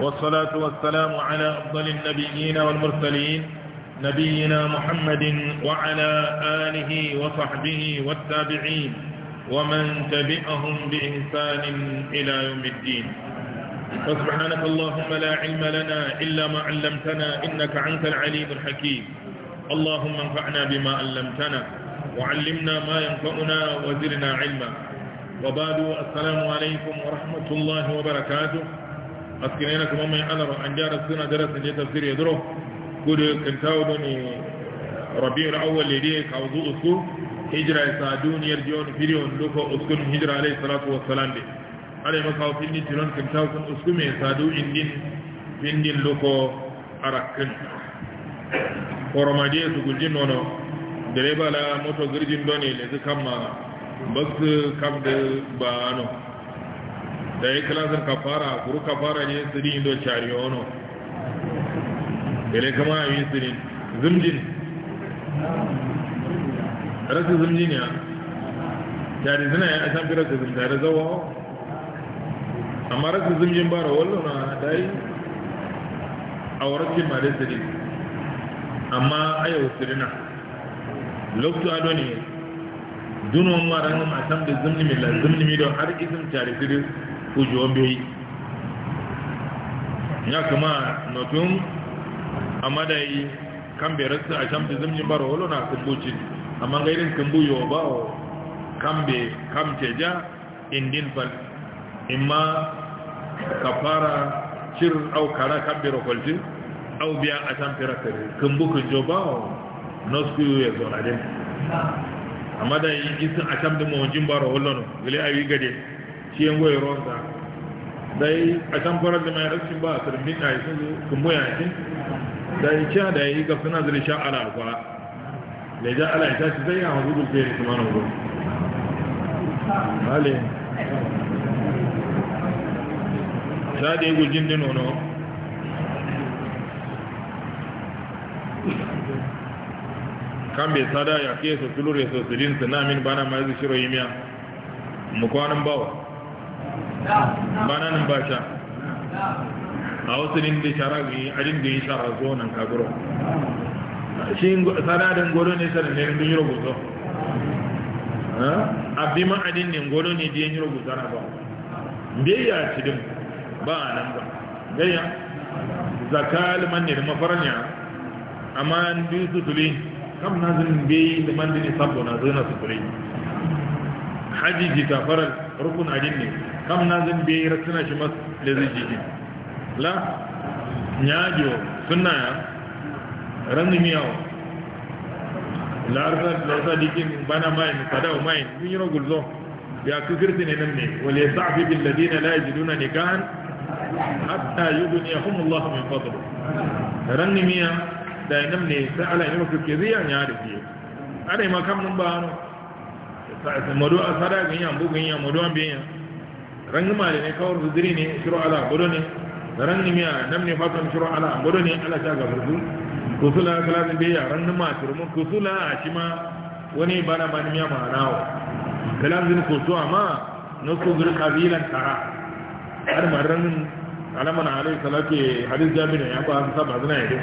والصلاة والسلام على أفضل النبيين والمرسلين نبينا محمد وعلى آله وصحبه والتابعين ومن تبعهم بإنسان إلى يوم الدين فسبحانك اللهم لا علم لنا إلا ما علمتنا إنك أنت العليم الحكيم اللهم انفعنا بما علمتنا وعلمنا ما ينفعنا وزرنا علما وبعد السلام عليكم ورحمة الله وبركاته askinena kuma mai alama an gyara suna darasin ya tafsir ya duro kudu kan kawo bane rabi'ul awwal ne dai kawo usku hijira sa duniyar jiyon biliyon duka uskun hijira alayhi salatu wassalam dai alai makawo findin tilon kan kawo kun usku mai sadu indin findin loko arakin koromadiya su gujin nono direba la moto girgin doni ne su kama basu kam da ba ano da ikhlasul kafara kuru kafara ne siri do cari ono ele kama yi siri zumjin rasu zumjin ya chari zina ya san bi rasu zumjin da zawo amma rasu zumjin bara wallo na dai auratin ma da siri amma ayo sirina lokto adoni dunon maran asam da zumni mi la zumni mi do har izum chari siri ojú ọbẹ̀ yìí ya kama nọ̀tún amada yìí kan bẹ̀rẹ̀ sí àṣàmtì zimjin bára olóna kambocin amma gairin kambu yi bá o kambe kamce ja indin fal imma ka fara cir au kara kambira kwalci au biya a tamfira kare Kumbu kan jo ba o yi ya zonadin amma da yi isin a tamdin mawajin baro olonu gile a yi gade ciyen goyi ronza dai a can farar da mai rashin ba a sarbin a yasin zo kun moya yakin da yi kya da yi ga suna zai sha ala alfa da ya ja ala ya tashi zai yawon zuzu fiye da kuma na wuri hali sha da yi gujin din ono kan bai sada ya ke so ya so su na bana mai zai shiro yi miya mu kwanan bawa ba nan ba sha a wasu din da shara ne a din da yi shara zo nan kaguro shi sanadin goro ne sanar ne dun yi rubuto abin ma'adin ne goro ne biyan yi rubuta na ba biyayya ci din ba a nan ba gayya zaka liman ne da mafaranya amma an biyu su tuli kam na zin biyi liman da ne sabo na zina su tuli haji ji farar rukun adin ne kam na zan biya ira suna shi mas da zai jiki la ya ji wa suna ya ranin yawo la'arsar da wasa dikin bana mayin sadawa mayin sun yi ragul zo ya kukirti ne nan ne wale ya sa'afi bin ladina la yaji duna ne kahan hatta yi duniya hun Allah min fadlu ranin miya da nan ne sa'ala ne mafi kiriya ya da fiye ana yi makam nan ba hannu Sada asada ginya mbu ginya modo ambinya rang mare ne kawar zudiri ne shiro ala bodo ne rang nimiya nam ne fatan shiro ala bodo ne ala ta ga burdu kusula kalasin biya rang nima turmu kusula a cima wani bana ma nimiya ma nawo kalasin kusuwa ma na kudur kabilan tara har marran alaman alai salati hadis jami'a ya ba an saba zina yake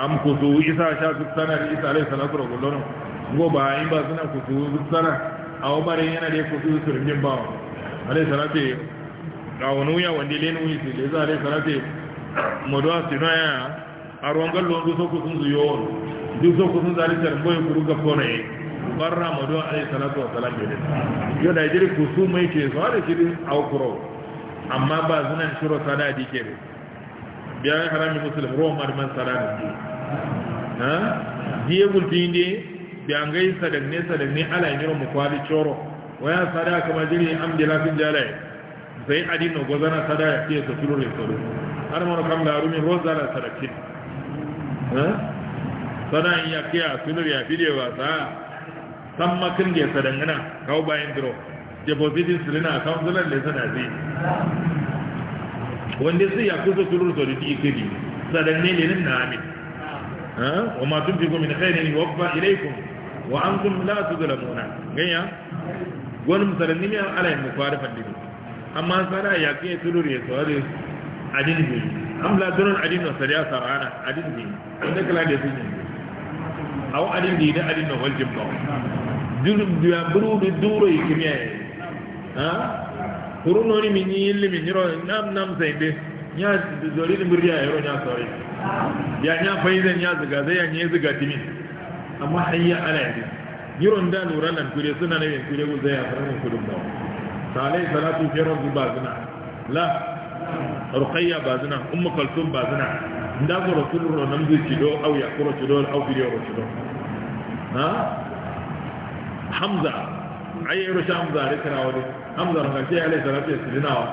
am kusu isa sha duk sanar isa alai salatu rabbulana goba in ba suna kusu tsara a wabarin yana da ya kusu surgin ba alai sarate kawonu ya wanda ile nuyi su le zare sarate maduwa su na ya a ruwan gallon duk so kusun su yawon duk so kusun zare sarbo kuru ga kone ya barra maduwa alai salatu wa salam ya dina yau da jiri kusu mai ke su hada shirin aukuro amma ba suna shiro sada dike ne biya harami musulun ruwan marman sada da ke diye gulfi ne ne sadagne ne ala yiro mu kwali choro waya sada kama jiri amdila fin jale sai no gozana sada ya ke to tulu resoro har mo kam la rumi la sadakin ha sada ya ke a tulu ya fide wa sa san kin ge sadangana kawo bayan dro depositin silina account zalan le sada zai wanda su ya kusa to di ti ikiri sadanne ne nan na amin ha wa ma tunfiqu min khairin yuwaffa ilaykum wa antum la tuzlamuna ganya gon misalan ni ala yin mukwarifa din amma sara ya ke tulur ya sawari adin bi am la dunun adin wa sariya sarana adin bi inda kala da sun aw adin bi da adin wal jibba dunum biya buru du duro ikimiya ha kuruno ni min yin min ro nam nam sai be nya zori ni murya yaro nya sori ya nya faizan nya zuga zai ya nya zuga timin amma hayya ala yadi yiron da lura nan kure suna ne yin kure guza ya farnin kudin ba salai salatu fi ba zina la ruqayya zina ummu kalsum zina nda ko rasulullah nan zai ci do au ya ko ci do au bi do ci do ha hamza ayyaro shi hamza da kira wani hamza na ce ya salatu ya su wa?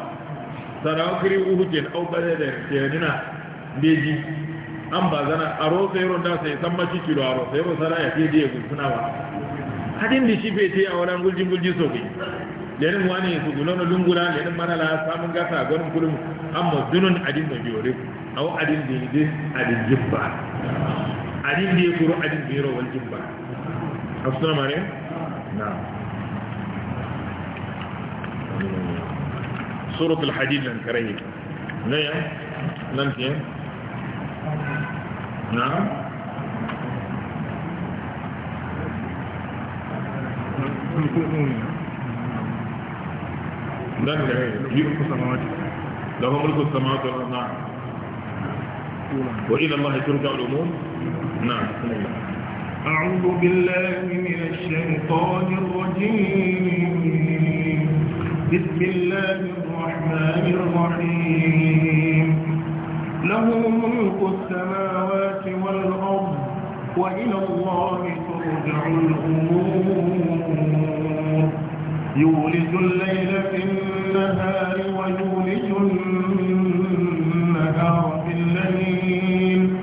sana kiri uhu ke au bare da ke dina beji an ba zana a rosa yaron da sai san maci kilo a rosa yaron sara ya fiye ya gulfuna ba hadin da shi fete a wani guljin gulji so kai lenin wani su gulo na lungula lenin mana la samun gasa a gwanin kulum an zunun adin da biyore a wa adin da yi adin jibba adin da ya kuro adin da yaro wal jibba a suna mare na suratul hadin nan kare Na ya nan ke نعم ده ملك السماوات له ملك السماوات والارض نعم والى الله ترجع الامور نعم أعوذ بالله من الشيطان الرجيم بسم الله الرحمن الرحيم له ملك السماوات والأرض وإلى الله ترجع الأمور يولج الليل في النهار ويولج النهار في الليل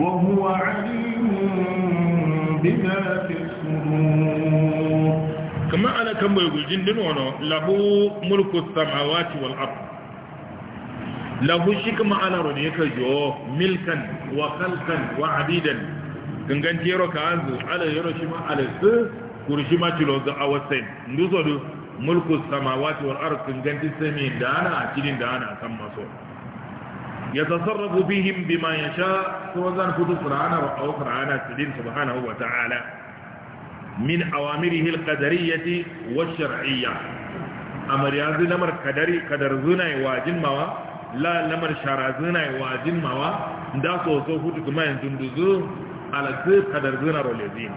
وهو عليم بذات الصدور كما أنا كم يقول جندن له ملك السماوات والأرض lahu shikma ala rodi yaka jo milkan wa khalqan wa abidan gangan jero ka anzu ala yoro shima ala su kurshima tilo za awasen nduso du mulku samawati wal ard gangan tisami dana cikin dana kan maso yatasarrafu bihim bima yasha to zan kudu qur'ana wa aw qur'ana sidin subhanahu wa ta'ala min awamirihi al qadariyyati wash shar'iyyah amar lamar kadari kadar zunai wajin mawa la lamar sharazina wa jinmawa da so so hutu kuma yanzu duzu ala zai kadar zina rolezin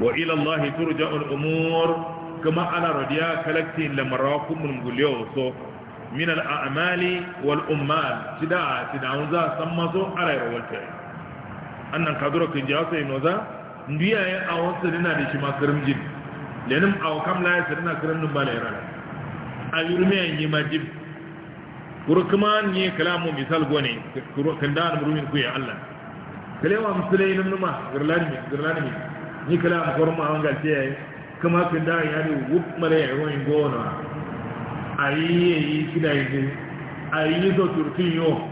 wa ila Allah turja'ul umur kuma ala radiya kalakti lamarakum mun guliyo so min al'amali wal ummal tida tida unza samma so ala rawalta annan kadura kin ja sai noza ndiya ya awan sirina da shi ma karimjin lenin aw kam la sirina karimnin bala yara ayurme yin majib kurkman ye kalamu misal gone kanda na murumin ku ya Allah kalewa misalai nan numa garlani garlani mi ni kalamu korma an galce yayi kuma kanda ya ne wup male ya wani gona ayi yi kida yi ayi zo turkin yo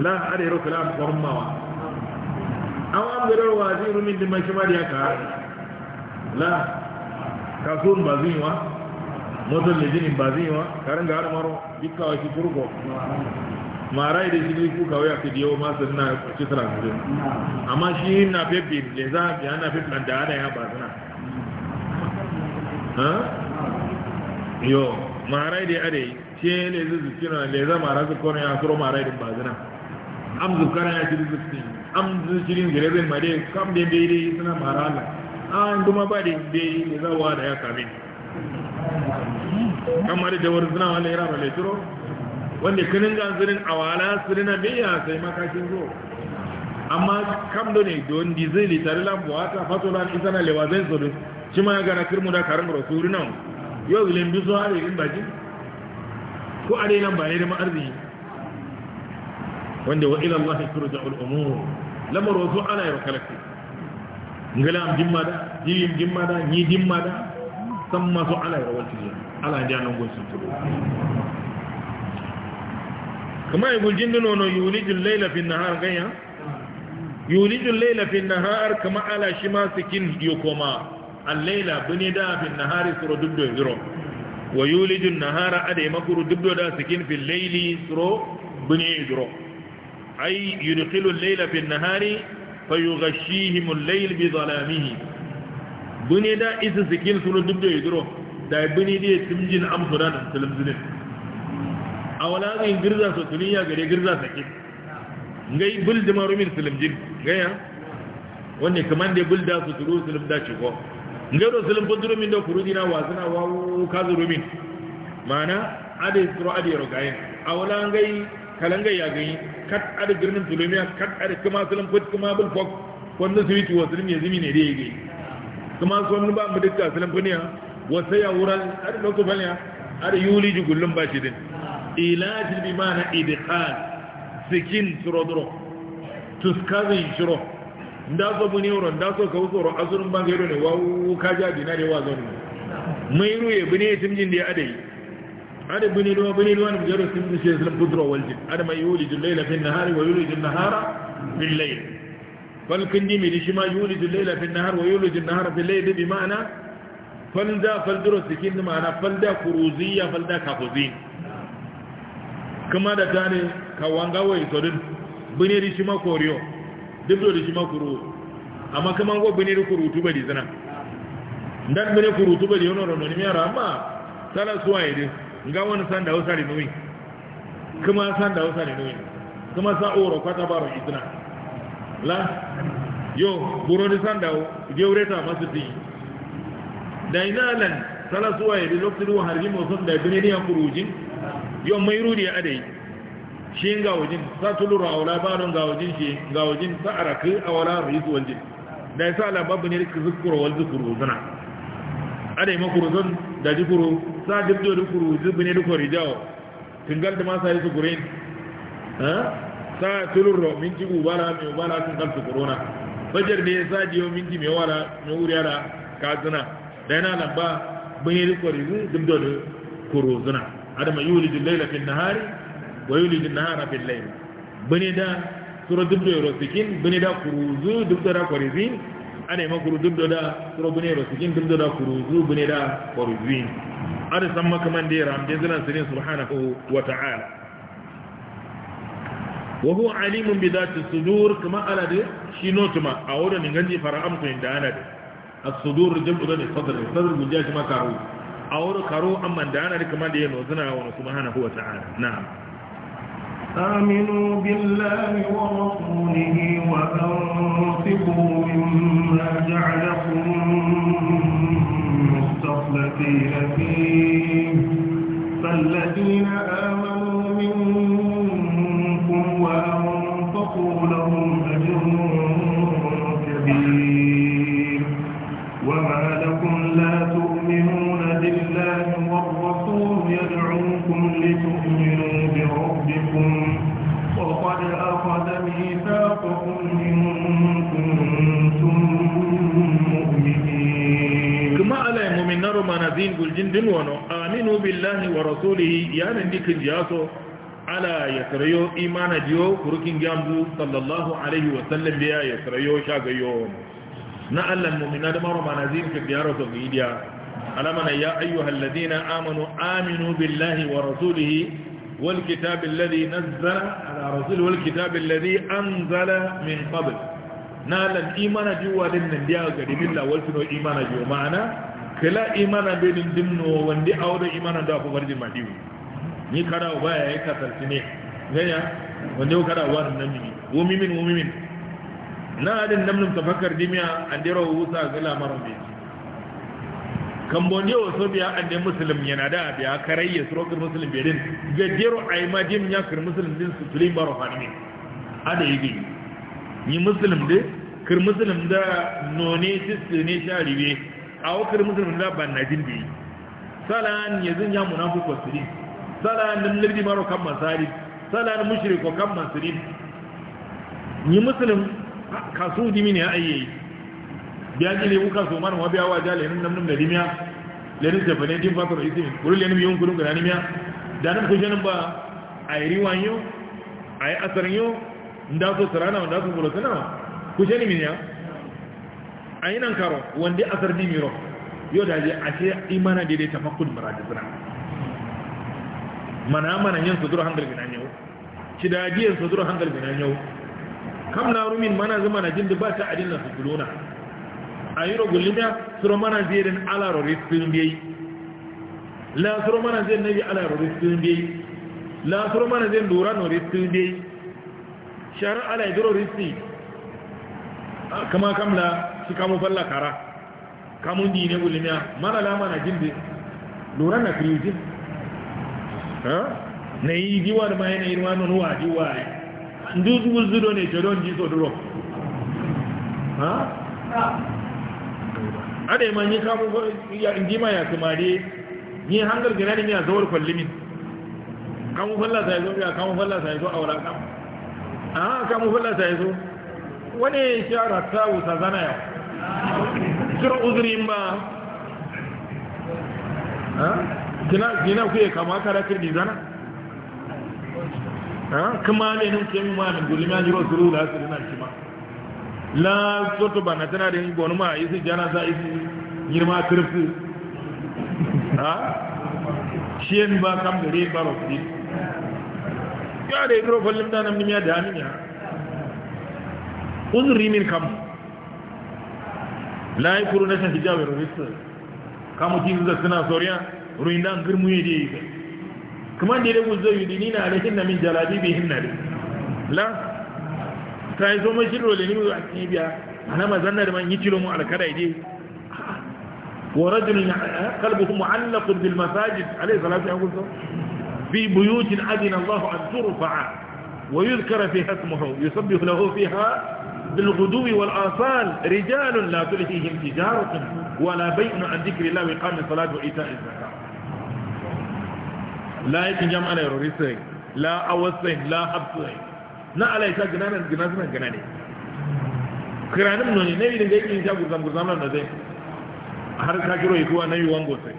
la are ro kalamu korma wa awam garo wa zirumin dimashi mariya ka la kasun bazinwa motar lijinin ba zai wa karin ga harmaro dukka wa shi turko. mara idan shi ne kuka waya ka diyo masu na ci transfer amma shi na pepe le za ya na pepe da ana ya ba suna yo mara da are shi le zai zukina le za mara su kone ya kuro mara idan ba suna am zukana ya shiri zukin am zukirin girezin ma dai kam da dai dai suna mara Allah an kuma ba dai dai za wa da ya kamin kamar da jawar zina wanda yana mai turo wanda kanin ganzirin a wala na biya sai makashin zo amma kam da ne don dizili litari lambuwa ta fatolan isa na lewa zai tsoro shi ma ya gana kirmu da karin wuri nan yau zilin biso hari in baji ko a dai lamba ne da ma'arzi wanda wa ila Allah turja da umur lamar wasu ana yau kalakti Ngalam am jimma da jiyim da ni jimma da san masu ala ya rawar tiliya ala ja nan gunsun turo kama yi gulgin dino no yulijin laila fi nahar ganya yulijin laila fi nahar kama ala shi ma sikin koma al-laila bini da fi nahari suro dubdo ziro wa yulijin nahara ada makuru dubdo da sikin fi laili suro bini ziro Ai yudkhilu al-laila fi nahari fayughashihim al-layl bi dhalamihi buni da isa duk da ya duro da buni da timjin amsura da tilmzinin awala zin girza so tuniya gare girza sakin ngai bul da marumin tilmjin gaya wanne kamar da bul da su turu tilm da ciko ngai do tilm budru kuru da wasu na wawo kazu rumin mana ade turu ade rogayin awala ngai kalangai ya gani kat ada girnin tulumiya kat ade kuma tilm kuma bulfok wanda su yi tuwa tilm ya zimi ne ya gani kuma so mun ba mu dukka salam kuniya wa sayawural ar loko balya ar yuliju kullum bashi din ilaj bi mana idkhal sikin surodro tuskazin shiro nda so buni wuro nda so kawo tsoro azurun bangare ne wa ka ja dinare wa zonu mai ruye bune timjin da ya adai ada bune ruwa bune ruwa ne bujaro sun bishe salam kudro waljin ada mai yuliju layla bin nahari wa yuliju nahara bil layl kon kin jimi di shi ma yuli di layla fi nahar wa yuli di nahar fi layla bi ma'ana fal da fal duru sikin di ma'ana fal da kuruziya fal da kafuzi kuma da tani ka wanga wai to din bune di shi ma koriyo dibdo di shi ma amma kuma go bune di kuru tuba di zana dan bune kuru tuba di amma sala suwaye di nga wani san da kuma san da usari nuwi kuma sa'uro kwata la yo buroni fi da ina dainalan sala suwa yi lokacin wa harbi mosun da duniya kurujin yo mai rudi a dai shi ga wajin sa tulura a wala ba ga wajin shi ga wajin sa araki a wala rizu waljin da ya sa lababu ne rikki zukuru wal zukuru zana a dai zan da jikuru sa dubdo da kuru zubi ne da kwarijawa tungal da masa yi su gurin safirin ro minti gubara mai gubara sun kalfi korona fajar ne ya jiyo min minti mai wara mai wuri yara kazina da yana lamba bin yi rikwari mu duk da kuro zina adama yi wulijin laila fin nahari wa yi wulijin nahara fin laila bin da tura duk da sikin bane da kuruzu duk da rakwarizin ana yi makuru duk da sura yaro sikin duk da kuruzu bane da kwarizin ada san makaman da ya ramdin zina sirin subhanahu wa ta'ala وهو عليم بذات الصدور كما قال دي شي نوت ما اورا ني غاندي فارا كو اندا دي الصدور جمع ده صدر الصدر من جاش ما كارو اورا كارو اما اندا انا دي كما دي نوزنا و سبحانه هو تعالى نعم آمنوا بالله ورسوله وأنفقوا مما جعلكم مستخلفين فيه فالذين آمنوا منكم وأنفقوا لهم أجر كبير وما لكم لا تؤمنون بالله والرسول يدعوكم لتؤمنوا بربكم وقد أخذ ميثاقكم إن كنتم مؤمنين كما على مؤمنين رمانا دين قل جندن ونو آمنوا بالله ورسوله يعني ذكر جاسو ala yasrayo imana diyo kurukin jambu sallallahu alaihi wa sallam biya yasrayo shagayo na allan mu'mina da maro manazin ka biyaro to gidiya alamana ya ayyuhal ladina amanu aminu billahi wa rasulihi wal kitab alladhi nazzala ala rasul wal kitab alladhi anzala min qabl na allan imana diwa din nan biya ga dimilla wal suno imana diwa ma'ana kala imana bin dimno wandi awdo imana da ku farji madiwi ni kara uba ya yi kasarci ne gaya wanda yau kara uba nan mini wumimin wumimin na adin nan tafakar dimiya an dira wusa ga lamarin bai kambodiya wasu biya an dai musulun yana da biya karayya su rokar musulun berlin din gajero a yi majim ya kar musulun din su tulin baro hannu a da yi gini yi musulun da kar musulun da none sisu ne sha ribe a wakar musulun da ban na jin da salan yanzu ya munafi kwasirin sala na lirdi maro kan mansari sala nan mushriko kan mansirin ni muslim su dimi ne ayi biya ji lewu kasu man wa biya wa jale nan nan da dimiya lenin da bane din fatar isi kuru lenin yun kurun ga nimiya da nan kujenin ba ai riwan yo ai asarin yo nda so sarana nda so bulosana ya ayi nan karo wanda asar dimiro yo da je ashe imana dai tafakkur sana mana mana yin suduru hangal ginan yau kidadiyan suduru hangal ginan yau kam na rumin mana zama na jin ba ta adin na suduruna a yi rogulina suro mana zirin ala rori sun biyayi la suro mana zirin nabi ala rori sun biyayi la suro mana zirin lura nori sun biyayi sharar ala idiro risi kama kamla shi kamun falla kara kamun dine gulmiya mana la mana jin lura na kriyujin na yi giwar ma yana irwa nun wa giwa ndu zuwa do ne jaron ji so duro ha ma yi kamu kamun ya ma ya kumare ni hangar gina ne ya zawar kwallimin kamun fallasa ya zo ya kamun fallasa ya zo a kam? kamun kamu kamun fallasa ya zo wani ya shi ara ta sa zana yau kira uzurin ba ha Gina ku ya kama kara kirdi zana ha kuma ne nan ke mu malin gulma jiro suru da na shi ma. la soto bana tana da yin gonu ma isi jana sa isi girma kirfi ha shiyen ba kam da re ba ki ya da yi fallim da na mimiya da amin ya uzuri min kam la yakuru nashan hijabi rubisa kamutin da suna soriya ruindan girmu ya da yi kuma da ya guzo yi dini na rahin na min jalabi bai hinna da la ta yi so mashi role ne mai ake biya ana mazannar man yi cilo mu alkada ide wa rajulun kalbuhu mu'allaqun bil masajid alayhi salatu ya guzo fi buyutin adina Allah an turfa'a wa yuzkara fiha ismuhu yusabbihu lahu fiha بالغدو والآصال رجال لا تلهيهم تجارة ولا بيء عن ذكر الله وإقام الصلاة وإيتاء الزكاة la yakin jam ala rorisai la awasai la habsai na ala isa gina gina suna gina ne kiranin nuni na yi da yakin ja gurzan guzam nan da zai har ka kiro yi kuwa na yi wango sai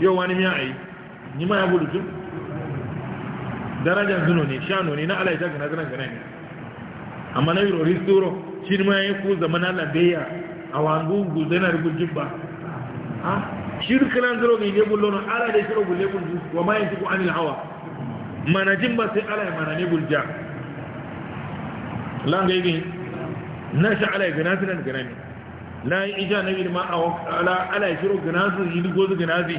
yau wani miya ayi ni ma ya gudu tun darajar zuno ne shano ne na ala isa gina suna gina ne amma na rorisuro shi ma ya ku zama na labeya a wangu guzenar gujuba ha shirka nan zaro ga yake lono ala da shiro gulle kun du wa ma yantiku anil hawa manajin ba sai ala mana ne bulja lan ga yake na sha ala ga nasu nan gana ne la ija yi ma ala ala shiro ganazu yi gozu ganazi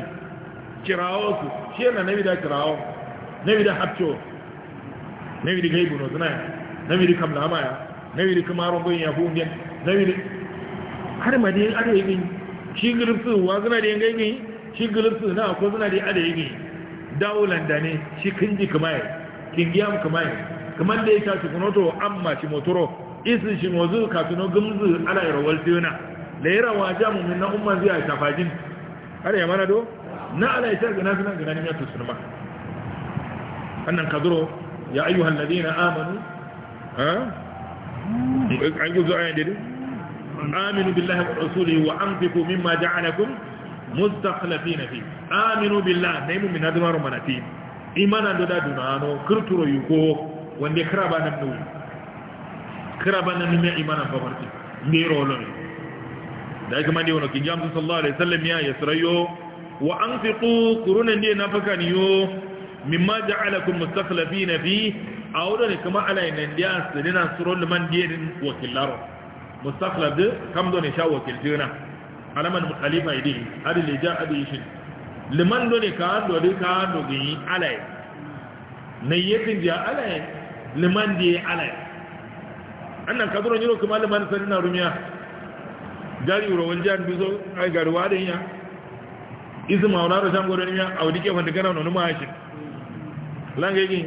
kirawo su shi na nabi da kirawo nabi da habcho nabi da gaibu no sunaya nabi da kamla maya nabi da kamaron goyin yabo ne da har ma dai ala yake shigirsu wa zina da yanga yi shigirsu na akwai zina da yada yi dawo ne shi kinji kamaye kingiyam kamaye kamar da ya tashi kunoto amma shi motoro isi shi mozu kafino gumzu ala rawar tiyuna da yi rawa jamu min na umman zai a tafajin har ya mana do na ala ya tashi gana suna gana ne ya tusu ma annan kaduro ya ayyuhan ladina amanu ha an guzo ayan aminu billahi wa rasulihi wa anfiqu mimma ja'alakum mustakhlifina fi aminu billahi Na'imu mu'mina dumaru manati imana do da dunano kirturo yuko wande kraba nan do kraba nan me imana babarti ndiro lo da kuma ndi wono kinjam sallallahu alaihi wasallam ya yasrayo wa anfiqu quruna ndi nafaka niyo mimma ja'alakum mustakhlifina fi awdo ne kuma ala nan dia sirina surul man dirin wakilaro mustakhlad kam do ne shawo kiltina alaman mukhalifa idi hadi li ja abi shin liman do ne ka do de ka do gi alai ne yetin ja alai liman di alai annan kuma liman sanina rumiya jari ro waljan bizo ai garwa da yin izu mauna da shan gudun ya a wadike wanda gana wani mahashi langa yi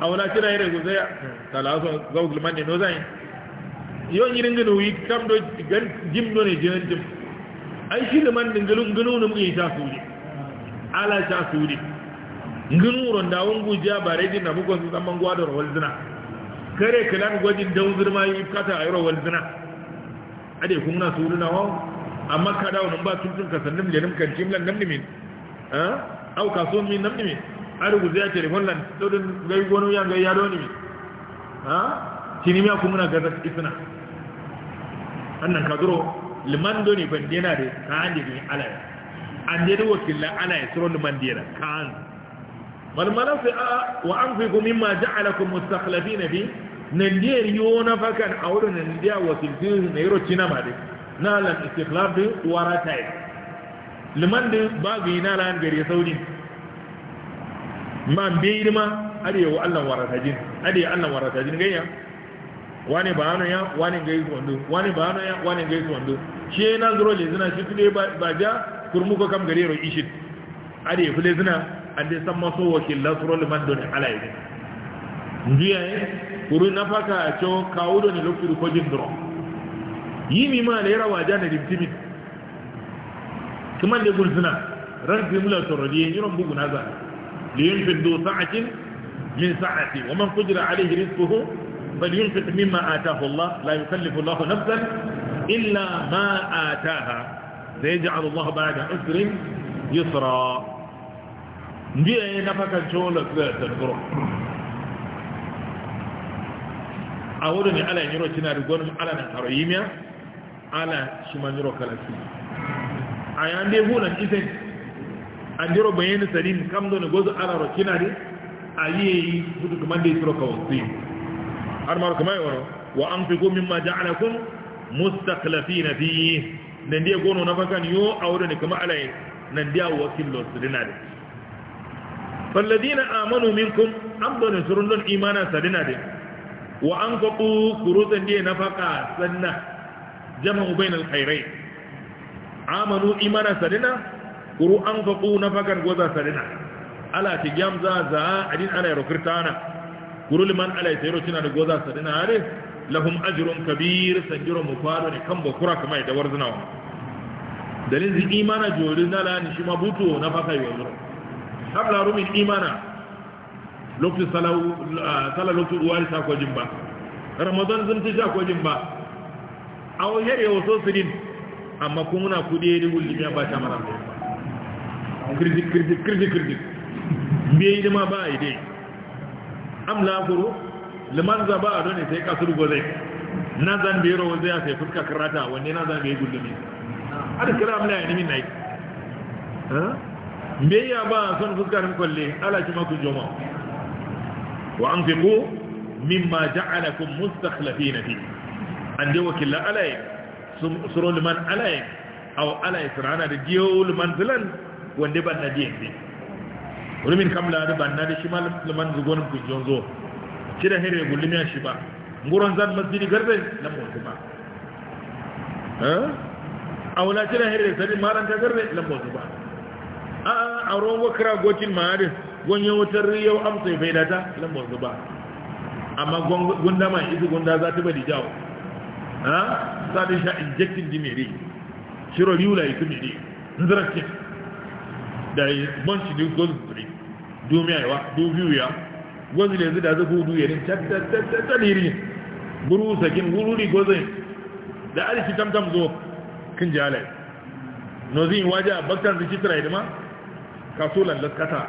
a wani kira yi da guzaya talaso zaugulman ne no zai yon yirin gano yi kam do gan jim do ne jinan jim ay ci le man dingalu ngano ne mu isa ta ala sha suri ngano ro da ngu ja bare na mu gon san man gwador wal zina kare kalan gwajin dan zirma yi kata ayro wal zina ade kun na suru na wa? amma ka daw nan ba tuntun ka le nim kan lan nan nimin ha au ka so min nan nimin arugu zai telefon lan do gai gonu ya gai yaro ni ha tinimiya ku muna gaza isna annan kaduro liman do ne bandena de kan de ni ala an de do wakilla ala ya suru liman de kan bal malafi a wa anfiqu mimma ja'alakum mustakhlifina bi nan de yona fakan awdo nan de wakilti ne yoro cina ma de na lan istikhlaf de warata liman de bagu ina lan gari saudi man bi ilma adewa Allah waratajin adewa Allah waratajin gayya wani ba hannun ya wani ga yi wando wani ba hannun ya wani ga yi wando shi ya na zuro le zina shi ne ba ja kurmu ko kam gare ro ishit ade fule zina an dai san maso wakil la suro le mandon ala yi ndiya yi kuru na faka cho kawudo ni lokiru ko duro yi mi ma da rawa ja ne dimtimi kuma da gul zina ran bimula torodi ni ron bugu na za li yunfidu sa'atin min sa'ati wa man alayhi bal yunfiq mimma ataahu Allah la yukallifu Allah nafsan illa ma ataaha sayaj'alu Allah ba'da usrin yusra ndiye nafaka chola kwa kwa a wuri ne ala yiro kina da gwanin ala na haroyimiya ala shi ma yiro kalasi a an dai hula kisai an yiro bayani sarin kam zo ne gwazo ala rokina dai a yi yi hudu kuma dai suro kawo su har ma kuma yoro wa anfiqu mimma ja'alakum mustaqlifina fi nan dia gono na fakan yo awdo ne kuma alai nan dia wakillo sudina de ladina amanu minkum afdalu surun dun imana sadina de wa anfaqu qurutan dia faka sanna jama'u bainal khairai amanu imana sadina quru anfaqu nafakan goza sadina ala tigam za za adin ala rokirtana Kuru liman ala tayro tuna da goza sadina are lahum ajrun kabir sanjiro mu faro ne kan bokura kamar da warzina wa dalil zi imana jori na lani shi mabuto na faka yozo habla rumin imana lokacin salau sala lokacin uwari sa ko jimba ramadan zan ta sha ko jimba aw yare waso sirin amma kun muna kudi da wulimiya ba ta mara kirji kirji kirji kirji bai da ma ba ai dai am la furu liman zaba a doni sai kasur gozai na zan bai rawa zai sai fuska karata wanne na zan bai gullumi ada kira amla ya nimin nai bai ya ba son fuska rin kwalle ala kima ku joma wa an fi ku mimma ja'alakum mustakhlafina fi an dai wakilla alai suro liman alai aw alai sirana da diyo liman filan wanda ban na diyan rumin kamla da banna da shi malaman zugonin kujon zo shi da hire gulmiya shi ba nguron zan masjidi garbe na mutu ba eh? a wula shi da hire sani maranta garbe na mutu ba ah, ah, a a ruwan wakira gokin ma'adin gonye wutar yau amsa ya faidata na mutu ba amma gunda mai izu gunda za ta bari jawo ah? za ta sha injektin di mere shiro riwula ya fi mere zirakin da bunch of those three du mewa du biya gozi le zida zugu du yerin iri buru sakin gururi gozin da alishi tamtam zo kin jale no zin waja bakkan ziki trai dama kasulan laskata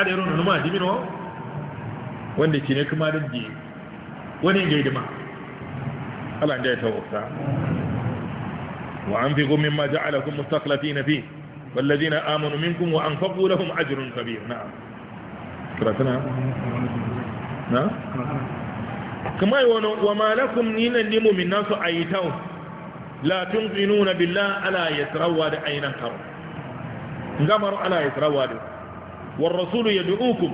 adero no ma dimino wanda ci ne kuma dinji wani ga dima Allah ya tawaffa wa an fi gomin anfiqu mimma ja'alakum na fihi والذين آمنوا منكم وأنفقوا لهم أجر كبير نعم قرأتنا نعم كما وما لكم من النمو من ناس أيتوا لا تنقنون بالله ألا يترواد أين ترى نقمر ألا يترواد والرسول يدعوكم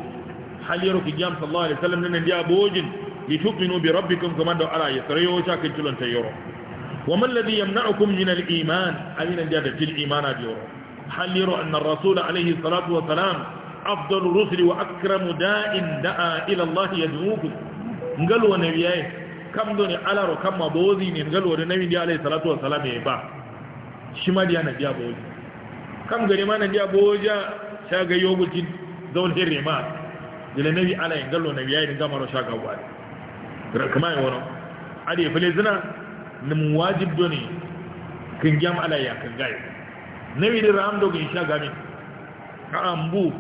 هل يرك جام صلى الله عليه وسلم لنا جاء بوجن لتؤمنوا بربكم كما دعوا على يسري شاكل تلون تيروا وما الذي يمنعكم من الإيمان أين جادت الإيمان بيروا حلروا أن الرسول عليه الصلاة والسلام أفضل الرسل وأكرم داء دعا إلى الله يدعوكم نقلوا نبيائي كم دوني على كم بوزي نقلوا النبي عليه الصلاة والسلام يبا إيه شما أنا ديا بوزي كم غريمانا ديا بوزي شاقا يوغتين ذو يمات إلى نبي عليه نقلوا نبيائي نقامروا شاقا وعلي ركما يورو علي فلزنا نمواجب دوني كنجام على يا كنجايب newiɗira am dogi sha gani ka ambu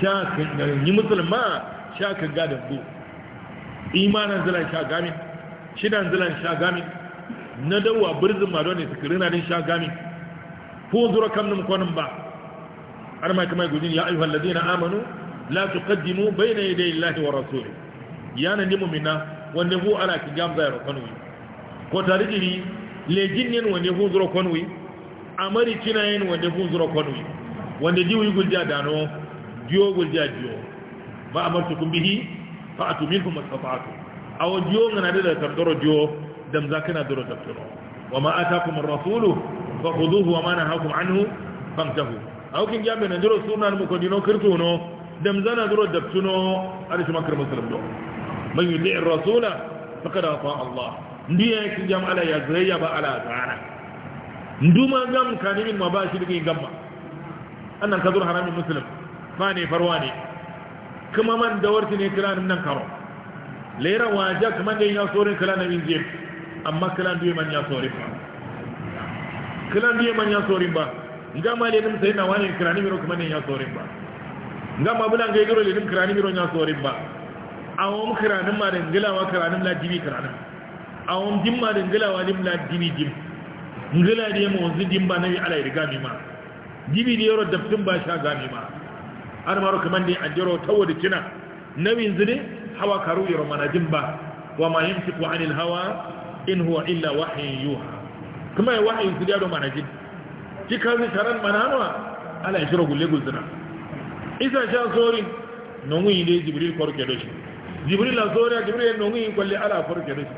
sha ka ni musulma sha ka gada bu Imanan zilan sha gani shidan zilan sha gani na dawa birzin mado ne suka rina din sha gani ko zura kam nan kwanin ba har ma kamar gudin ya ayyuhal ladina amanu la tuqaddimu bayna yadayi llahi wa rasuli nan ni mu'mina wanda bu ala ki gamza ya kwanu ko tariji le jinnin wanda bu zura kwanu amari yin wanda zura kwanwi wanda diwi gulja dano diyo gulja diyo ba kun bihi fa atu minkum aw diyo ngana da tardoro diyo dam zakana doro tardoro ma atakum ar-rasulu wa wama nahakum anhu famtahu aw kin jabe na doro sunan mu ko dino no dam zana doro dabtuno alishi makar muslim do man yuti ar-rasula faqad ata Allah ndiye kin jam ala ya zayya ba ala zana nduma gam kanini ma ba shi digin gamma annan ka zur haramin muslim fa ne farwa ne kuma man da warti ne kiran nan karo lera waja kuma dai ya sorin kiran nan inje amma kiran biye man ya sori ba kiran biye man ya sori ba ngama le dum sai na wani kiran miro kuma ne ya sori ba ngama bulan ga dole le dum kiran miro ya sori ba awon kiranin ma da ngila wa kiranin la dibi kiranin awon dimma da ngila wa dim la dibi dim ngila de mo wanzu dimba nabi ala gami ma gibi de yoro daftin ba sha gami ma har maro kaman de adiro tawada kina nabi zine hawa karu yoro mana ba. wa ma yamsiku anil hawa in huwa illa wahyi yuha kuma wahyi su da mana jin cikan zai mana nawa ala ya shiro gulle guzuna isa sha zori nonu ile jibril korke do shi jibril la zori jibril nonu ile kwalle ala korke do shi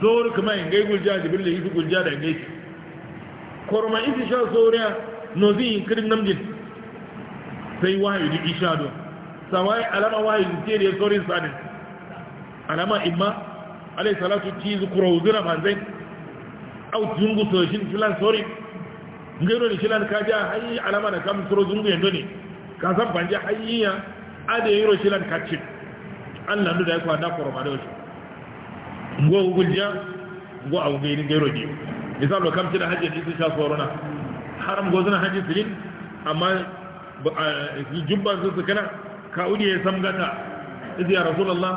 zori kuma in gai gulja jibril yi gulja da gai shi koroma isi sha soriya no zi in kirin namjin sai wahayi di isha do sawai alama wahayi di ya e sorin sadin alama imma alai salatu cizu kura wuzira banzai au zungu sojin filan sori ngero ni filan kaja hayi alama da kam suro zungu yando ne ka san banje hayiya ade yiro filan kacin Allah ndu da kwa da koroma da wasu ngo gulja ngo au ni ngero ji misal kam ci da hajji ci su sha sorona haram gozuna hajji silin amma jumba su su kana ka uje ya samgata izi ya rasulullah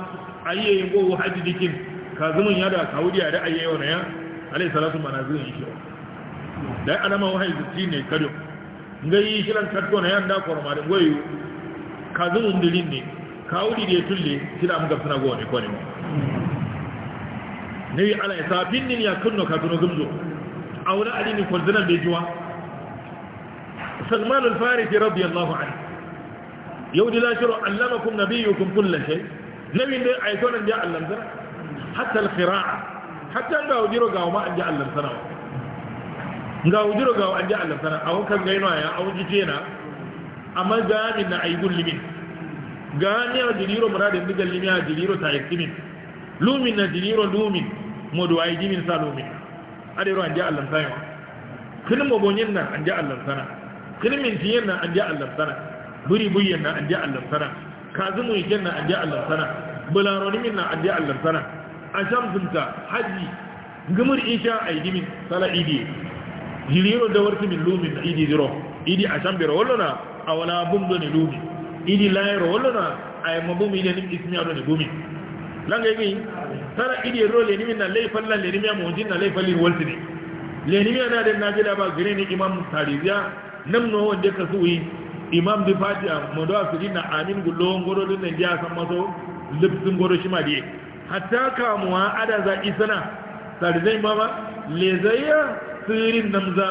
ayye yi gogo hajji dikin ka zumun ya da ka udi ya da ayye yau ya alai salatu manazin yi shi da alama wahayi su ne kado ngai shiran katko ne anda korma da goyi ka zumun dilin ne ka uje da ya tulle shi da muka suna go ne ko ne ne ala ya safin ya kunno ka tuno gumzo a wurin alini kwanzinan mai juwa salman alfarisi rabbi allahu an yau di lashirar allamakum nabiyukum kullum shai nabi ne a yi tonan ja allamzara hatta alkhira'a hatta ga wujiro ga ma an ja ga wujiro ga an ja allamzara a gaino ya a wuji kena amma min na a yi gullimin gani a jiriro muradin diga limiya jiriro ta yi lumin na jiriro lumin modu a jimin sa lumin adero an ja allan sana kilim obonyen na an ji allan sana kilim intiyen na an ji allan sana buri buyen na an ji allan sana kazimu yiken na an ji allan sana bularonimin na an ji allan sana asham zunta haji gumur isha aidimin sala idi jiliro da warki min lumin idi diro idi asham biro wallona awala bumbo ni lumi idi layro wallona ay mabumi ne ismi ado ni gumi langa yi tara idi ro le ni min na lay falla le ni mi amon din na lay falli ni le ni mi na de na jila ba gire ni imam tariziya nam no wonde ka suwi imam di fatiha mo do asiri na amin gullo ngoro do ne ja san maso lubsin goro shi ma die hatta kamuwa ada za isana tarizai mama le zayya sirin namza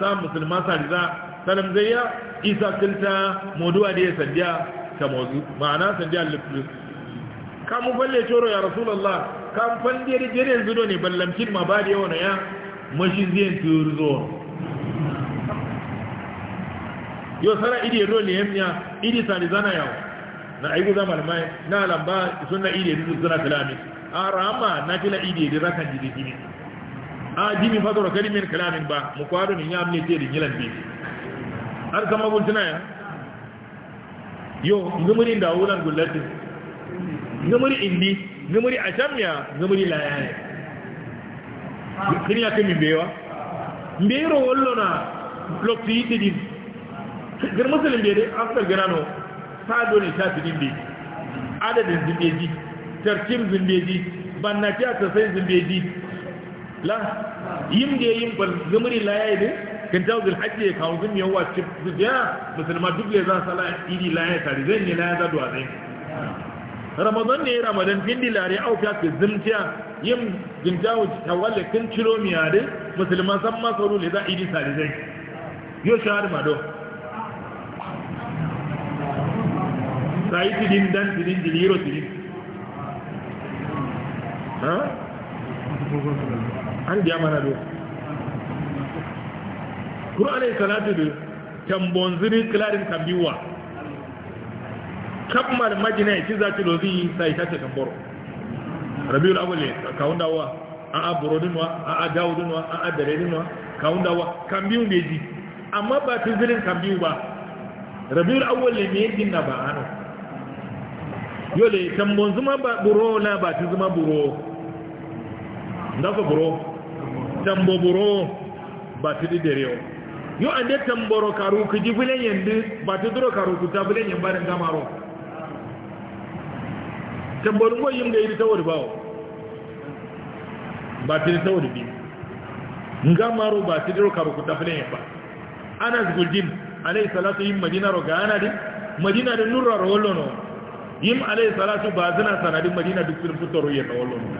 sa musulma tariza salam zayya isa kilta moduwa da ya sandiya ta mozu ma'ana sandiya lubsin kamu balle coro ya rasulullah kam fandir jere zudo ne ballamtin ma bade wona ya mashin ziyan turzo yo sara idi ro ne yamnya idi sani zana yawo na aigu za malmai na lamba sunna idi zudo suna kalami arama na kila idi da zakan jidi jini a jimi fadoro kalimin kalamin ba mu kwado ne ya amne da yi yilan bi har kama guntuna ya yo ngumurin da wulan gullatin numuri indi numuri achamya numuri layane kini yake mbewa mbero na lokti yi din gir musulun bede after no ta dole ta fi bi adadin zimbeji tarkin zimbeji bannati ta sai zimbeji la yim da yim bal zumuri layaye ne kan tawzil hajji ya kawo zumiyan wa cikin zubiya musulma duk le za su ala iri layaye tare zai ne layaye za duwa zai ramadan ne ramadan findi lare au fiya ke zimtiya yin gintawo tawalle kin ciro miyare musulman san masaru le za idi sare zai yo shahar mado sai tidin dan tidin diliro tidin ha an biya mana do Kur'an salatu da tambon zirin kilarin tambiwa kammar majina ya ci za ci lozi sai ta ce tamboro rabiul awwal kawun dawa a a burodin wa a a dawudin wa a a daredin wa kawun dawa kan biyu ne ji amma ba ta zirin kan biyu ba rabiul awwal ne yi gina na ba ano yole tambon zuma ba buro na ba ta zuma buro ndafa buro tambo buro ba tun yau an ande tamboro karu ku jibulen yandu ba duro karu ku tabulen yan barin gamaro tambarin goyin da yi tawar bawo ba ta ta tawar bi nga maro ba ta diro karo ku ta ba ana zguljin alai salatu yin madina ro gana din madina da nurra ro wallo yin alai salatu ba zina sanadin madina duk sun fito ro ta wallo no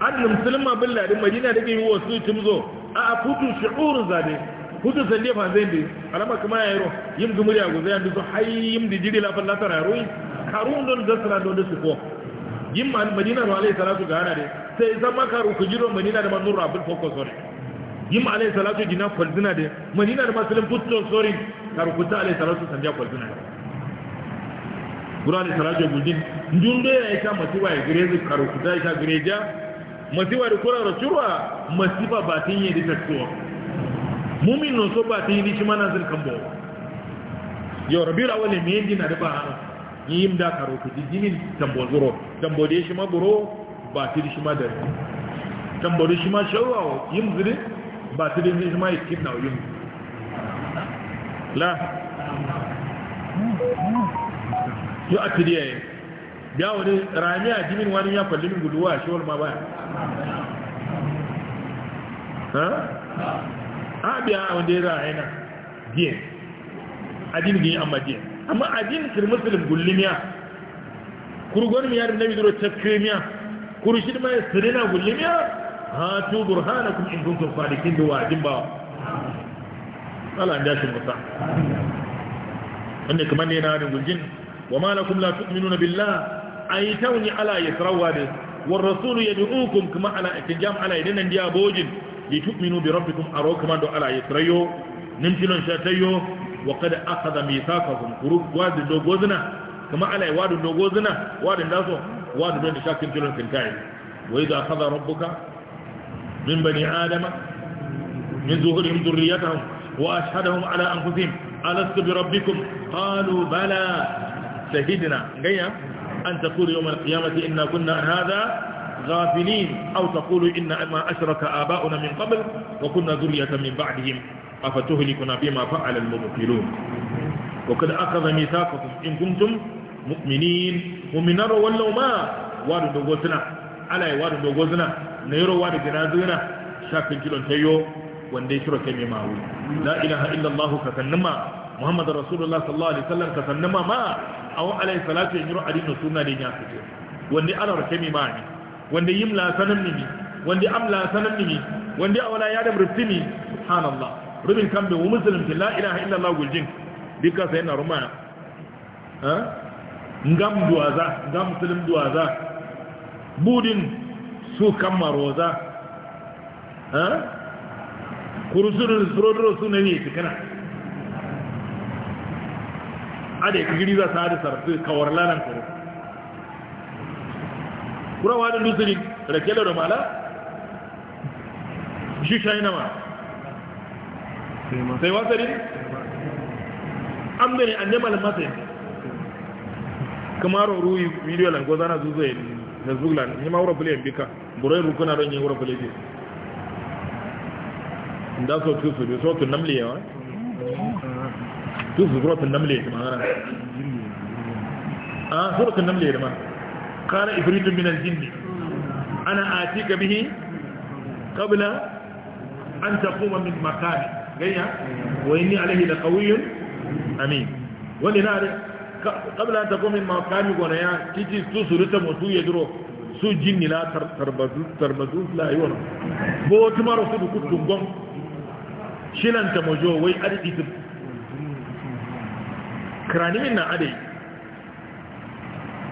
an musulma billa din madina da ke yi wasu zo a futu shi'ur zade hudu zalle fa zai bi alama kuma ya yi ro yin gumuri a guzai an dusu hayyim da jiri lafin latar a ruwin karun don zasra don da su ko yin madina no alai salatu ga hana de sai zama karu ku jiro madina da manzur abin foko sori yin alai salatu gina kwalzina de madina da masulun putto sori karu ku ta alai salatu sanja kwalzina de alai salatu guldin ndundo ya ta masiwa ya girezi karu ku ta ita gireja masiwa da kura rasulwa masifa batin yi da tsuwa mumin no so batin yi shi mana zirkan bawa yau rabiul me yindi da ba yim yimda karo ku jimin tambozuro tambode shi ma buro ba tiri shi ma dare tambode shi ma shawo yim zire ba tiri shi ma iskip na yim la yo atiriya ye ya. wani rami a jimin wani ya kwalli min guduwa shi wal ma baya ha a biya wanda ya ra'ayina biye a jirgin amma biye amma adin tirmusulun gullimiya miya da nabi duro tafkimiya kurshid mai sirina gullimiya tu burhanakum in kuntum sadiqin da wajin ba Allah an shi musa wanda kamar ne na da gulgin? wa ma lakum la tu'minuna billah ay tawni ala yasrawa da war rasul yad'ukum kama ala ittijam ala idan diya bojin li tu'minu bi rabbikum aro do ala yasrayo nimtilon shatayo wa qad akhadha mithaqahum qurub wa da dogozna kama ala wa da dogozna wa da daso wa da don shakin jiran kinkai wa idza akhadha rabbuka min bani adama min zuhurihim dhurriyyatahum wa ashhadahum ala anfusihim alastu bi rabbikum qalu bala shahidna gaya an taqulu yawm kunna an hadha غافلين أو تقولوا إن ما أشرك آباؤنا من قبل وكنا ذرية من بعدهم afatuhlikuna bima fa'ala al-mubtilun wa kad akhadha mithaqakum in kuntum mu'minin mu'minara wallau ma wadu dogozina ala ya wadu dogozina na yaro wadu ginazina shafin kilon tayo wanda shiro kai mai mawu la ilaha illallah ka sannama muhammad rasulullah sallallahu alaihi wasallam ka sannama ma aw alaihi salatu ya yiro adin sunna din ya fice wanda ana rake mai ma ni wanda yim la sanan ni wanda am la sanan ni wanda awla ya da rubtini subhanallah rubin kambe wa muslim fi la ilaha illa allah guljin dika sai na ruma ha ngam duwaza ngam muslim duwaza budin su kamaroza ha kurusur surodro su ne ne tikana ade kigiri za sa da sarfi kawarlanan kuro kurawa da lusuri rake da mala shi shaina ma sai wasari an bane an nemal masa kamar ruwi video lan gozana zuzo ya facebook lan ni ma wura bule bika burai rukuna don yi wura bule bi da so tu su so tu namle yawa tu su tu namle kuma ana ah suratul namle da ma kana ifritun min al-jinni ana atika bihi qabla an taquma min makani gayya wa inni alaihi la qawiyyun amin wani na qabla an takum min maqami gona ya kiji su suruta mutu ya duro su jinni la tarbadu tarbadu la yona bo tumaro su ku tungon shinan ta mojo wai adi tu krani min na adai?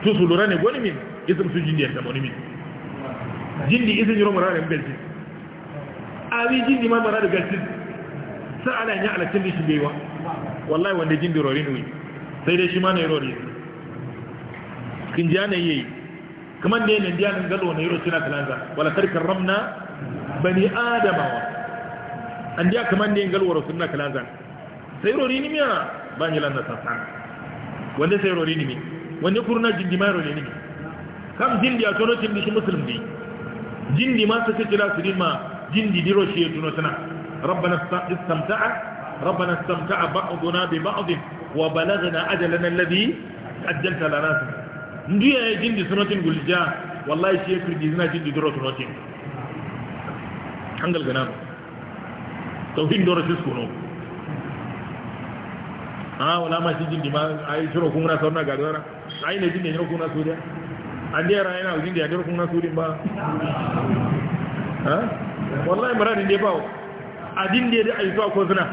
tu sulura ne goni min izum su jinni ta goni min jinni izin yoro mara ne belti awi jinni ma mara da belti sa ala nya ala da shi bewa wallahi wanda jin dirori ne sai dai shi ma ne rori kin ji ana yi. kaman ne ne diyan galo ne rori suna kalanza wala tarkar ramna bani adama wa an diya kaman ne galo rori suna kalanza sai rori ne miya ba yi landa sassa. wanda sai rori ne wanda kurna jindi ma rori ne kam jindi a tono jindi shi musulmi jindi ma sai kira su ma jindi diro shi ya tuno sana ربنا استمتع ربنا استمتع بعضنا ببعض وبلغنا أجلنا الذي أجلت لنا ندي يا جندي سنوتين قول جاء والله شيء في جزنا جندي درو سنوتين حنقل قنام توفين دور سيسكونو ها ولا ما شيء جندي ما أي شروع كونا سورنا قادورا أي نجندي شروع كونا سوريا عندي رأينا وجندي عندي شروع كمنا سوريا با ها والله مراني دي باو abin da ya da aito a kozina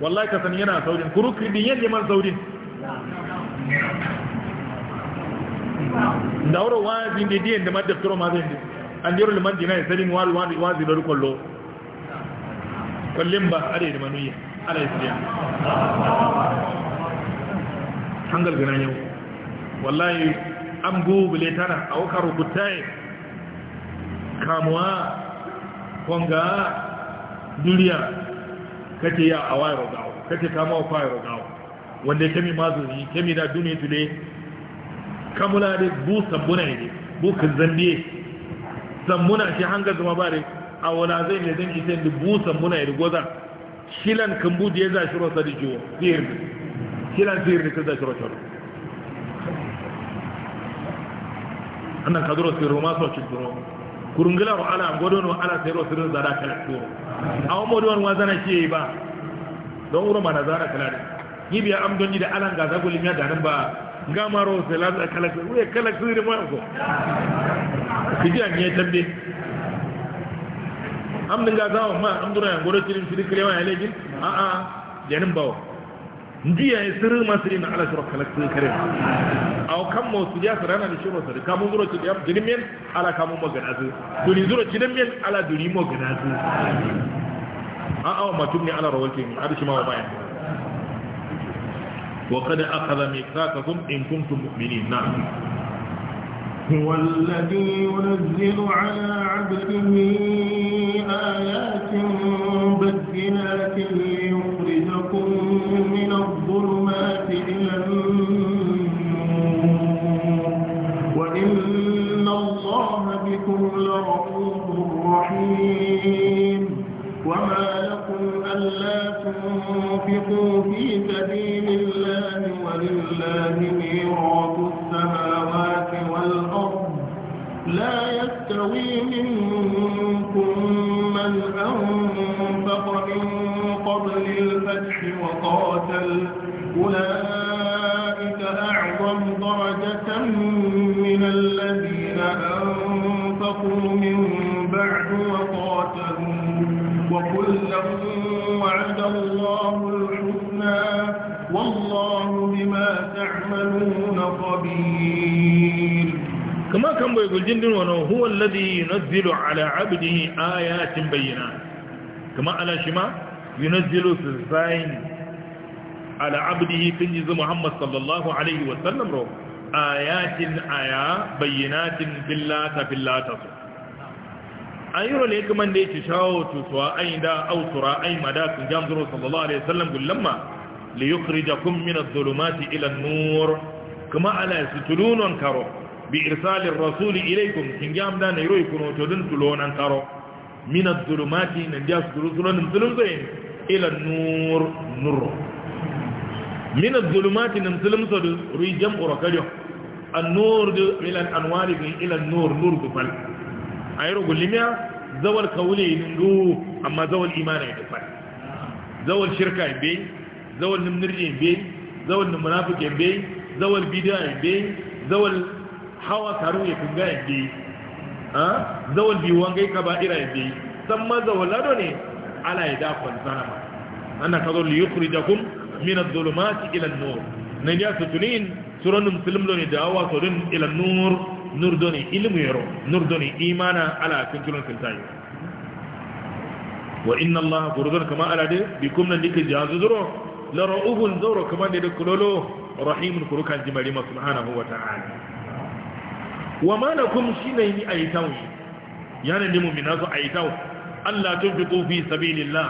wallahi ka san yana saurin kuru kirbin yadda man saurin da wurin wazin da diyan da madda turo mazin da an jiru liman dina ya sarin wazi da lo kwallon ba are da manuyi ala isriya hangal gina yau wallahi an gubule tana a wakar rubutaye kamuwa kwanga duriyar kake ya awai gawo Kake kama wa fayar gawo wanda kemi mazuni kemi da duniya tule kamula da bu sabbuna ne bu zambiye sabbuna shi hanga zuma bare awala zai ne zan ita da bu sabbuna ne goza shilan kambuje za shi rosa da jiwo sirri shilan sirri ta za shi rosa annan kaduro sirri ma so shi duro kurungila ro ala godo no ala sero sero zara kala ko awo modu won wazana ke ba don uru mana zara kala ni biya am don da ala ga zago limiya da nan ba ngamaro selan kala ko we kala ko ri ma ko kiji an ye tambe am dinga zawo ma am dura godo tirin tirin kirewa ya lejin a ah, a ah. yanin bawo ndiya ya sirri masiri na ala shiro kala sun kare aw kam mo su ya sarana ni shiro sari kamu zuro ci ya dini men ala kamu mo gana su duni zuro ci men ala duni mo gana su an awa matum ne ala rawalke ni adu shima wa bayan wa qad akhadha mithaqakum in kuntum mu'minin na هو الذي ينزل على عبده آيات بينات أخرجكم من الظلمات إلى النور وإن الله بكم لرؤوف رحيم وما لكم ألا تنفقوا في سبيل الله ولله ميراث السماوات والأرض لا يستوي منكم من أنفق من قبل الفتح وقاتل أولئك أعظم درجة من الذين أنفقوا من بعد وقاتلوا وكلا وعد الله الحسنى والله بما تعملون خبير كما كان بيقول جند هو الذي ينزل على عبده آيات بينات كما على شمال yunazzilu sizain ala abdihi kun jizu muhammad sallallahu alaihi wa sallam ro ayatin aya bayyinatin billata billata su An yi ayyuro le man da yake shawo tusuwa ayi da autura ayi mada sun jamzuro sallallahu alaihi wa sallam gullamma li yukhrijakum min adh-dhulumati ila an-nur kama ala sutulunun karo bi irsalir rasul ilaykum kin jamda ne roi kuno to dun tulonan karo min adh-dhulumati nan da su tulun tulun zai ila nur nur min az-zulumat namsalum sadu rijam urakajo an-nur min al-anwar ila an-nur nur kufal ayro gulimiya zawal kawule ndu amma zawal imani du fal zawal shirka be zawal nimnirje be zawal munafiki be zawal bid'a be zawal hawa karu ya kunga be ha zawal biwangai kaba'ira be san ma zawal lado ala ya da kwanzana ma أنا كذول ليخرجكم من الظلمات إلى النور نجاة تنين سورة مسلم لوني دعوة سورين إلى النور نور دوني علم يرو نور دوني إيمانا على كنتلون سلتايو وإن الله قردون كما على دي بكم نلك جاز ذرو لرؤوه ذرو كما دي دكولولو رحيم كروكا جمالي سبحانه وتعالى وما لكم شيني أيتاوي يعني نمو منازو أيتاو ألا تنفقوا في سبيل الله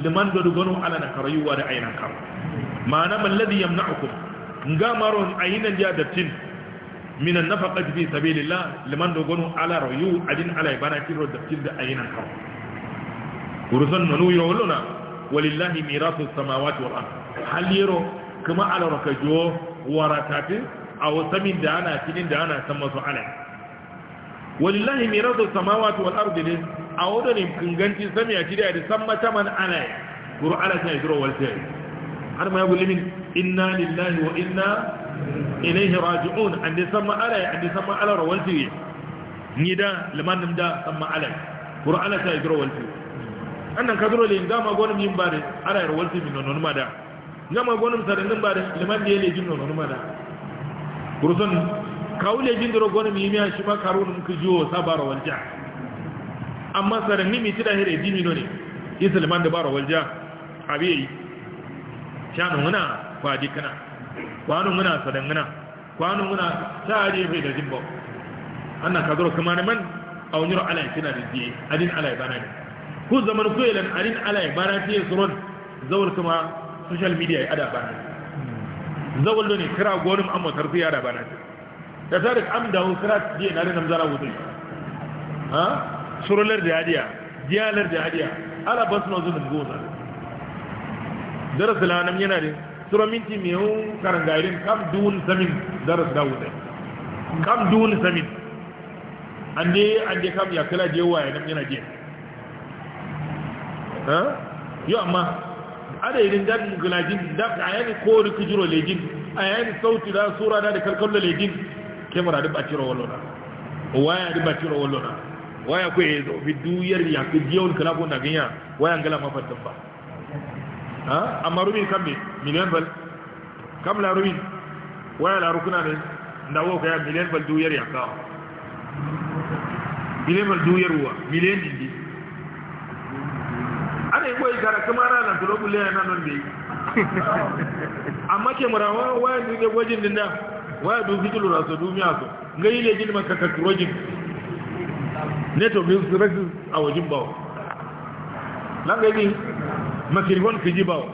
liman da dugano ala na karayuwa da ainihin kar ma'ana malladi yamna'ukum nga maron ainihin ja da tin minan nafaqat fi sabilillah liman dogonu ala rayu adin ala ibana kiro da tilda ayinan kaw urusan nanu yawluna walillahi mirasu samawati wal ard hal yaro kuma ala rakajo waratati aw samin da ana tilin da ana san masu ala walillahi mirasu samawati wal ard ne a wadannin kanganci sami a jiri a disan mata man ana yi guru ala ta yi zuwa walta yi har ma yabu limin ina lillahi wa ina ilaihi raji'un an da san ma'ala yi an disan san ma'ala ra walta yi ni da limanin da san ma'ala yi guru ala ta yi zuwa walta yi annan ka zura lin gama gonin yin ba da ala yi walta yi nonon ma da gama gonin sarannin ba da liman da ya lejin nonon ma da guru sun kawo lejin da ra yi miya shi ma karunin ku jiwo sabara walta amma saranni nimi ti da hire dimi no ne isulman da bara walja abi shanu muna kwaji kana kwanu muna sadan muna kwanu ta tare bai da jimbo An kadro kuma ne man aunir ala kina da jiye adin ala bana ne ku zaman ku yelan adin ala bana fiye suron zawar kuma social media ya ada bana zawal ne kira gonum amma ya ada bana da tsarin am da kira diye na rinan zara wutai ha shirular da hadiya diyalar da hadiya ala ba su na zunin goza daras lanam yana ne sura minti yau karin gairin kam duwun samin daras da kam duwun samin ande ne kam ya kala jewa ya nan yana je ha Yau amma ada irin dan gulajin da ayani ko rikijiro lejin ayani sauti da sura da karkar lejin kemara da baciro wallona waya da baciro wallona waya ko ya bi duyar ya ko jiyawul kala ko na ganya waya ngala ma fatta ba ha amma rubi kambe miliyan bal kam la rubi waya la rukuna ne ndawo ko ya miliyan bal duyar ya ka miliyan bal duyar wa miliyan dindi ana yi koyi gara kuma ranar da lokacin laya na nan da yi amma ke murawa waya duke gwajin dinda waya duke lura su dumiya su ngai lejin makakakku rojin network din su rasu a wajen bawo langa yi makirwan ka ji bawo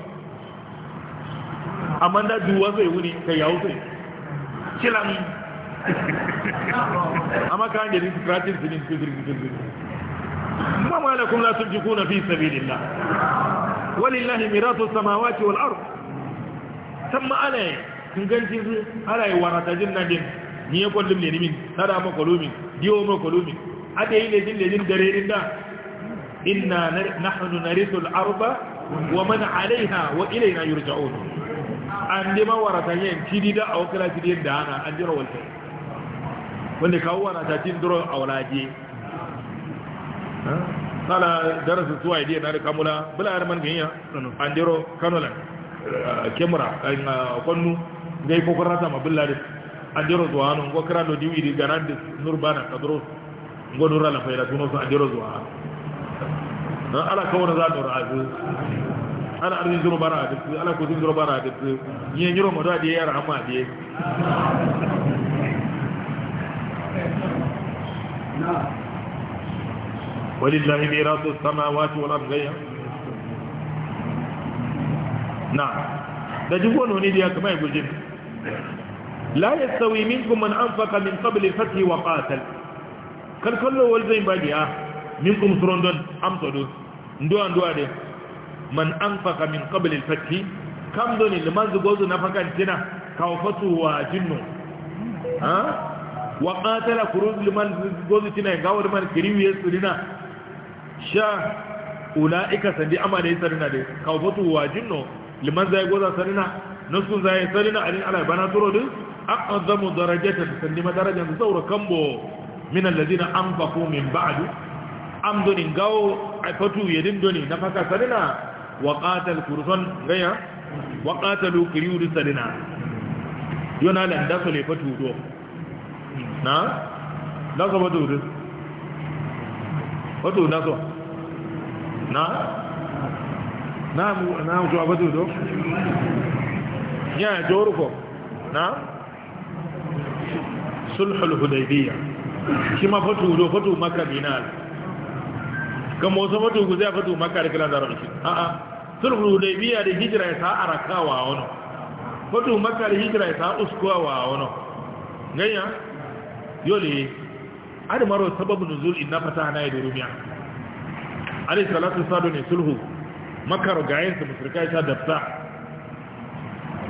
amma da duwa zai wuni ka yawo sai kilan amma ka hanyar yin kratin su ne su zirgin zirgin ma malakun la sun kuna fi sabilillah walillahi miratu samawati wal ard tamma alai kun ganci su alai warata jin na din ni ya kullum ne ni min tada ma kulumin diwo ma kulumin ada yi ne din ledin dare din da inna nahnu narithul arda wa man alaiha wa ilayna yurja'un an dima waratan yin kidi da awkala kidi da ana an jira walta wanda kawo warata tin duro awlaje sala darasu tuwa idiya na da kamula bula harman ganya an jiro kanolan kemura kwannu zai kokorata ma billa da an jiro zuwa hannun kwakwara da diwi da garan da nurbana kadros godu rala fayra tuno so adiro zuwa ala kawna za do ra'azu ala arzi zuru bara da ala ko zuru bara da ni nyiro mo do adi yara amma adi ولله ميراث السماوات والارض نعم ده جبون هني دي كما يقول جن لا يستوي منكم من انفق من قبل الفتح وقاتل kalkallo wal zai bagi ha ah, min kum surondon amsadu nduwa nduwa de man anfaqa min qabl al kam doni liman zugozu na fakan tina kawfatu wa jinnu ha wa qatala kuruz liman zugozu tina gawar man kiriwi yasurina sha ulaika sandi amane sarina de kawfatu wa jinnu liman zai goza sarina nuskun zai sarina alin ala bana turo din aqdamu darajatan sandi madarajan zaura kambo من الذين أنفقوا من بعد أمدن قو فتو يدندن نفك سلنا وقاتل كرسون غيا وقاتلوا كريور سلنا ينال أن دخل فتو دو نا دخل فتو دو فتو دخل نا نا نا جوا فتو دو يا جورفو نا صلح الهديبيه shi ma fatu zo fatu maka binal kan mo so fatu guzai fatu maka da kala da rabi a a sulhu hudaybiya da hijira ya sa arakawa wono fatu maka da hijira ya sa uskuwa wa wono ganya yole ada maro sababu nuzul inna na ya durumiya alayhi salatu sadu ne sulhu makar gayen su ya ta dafta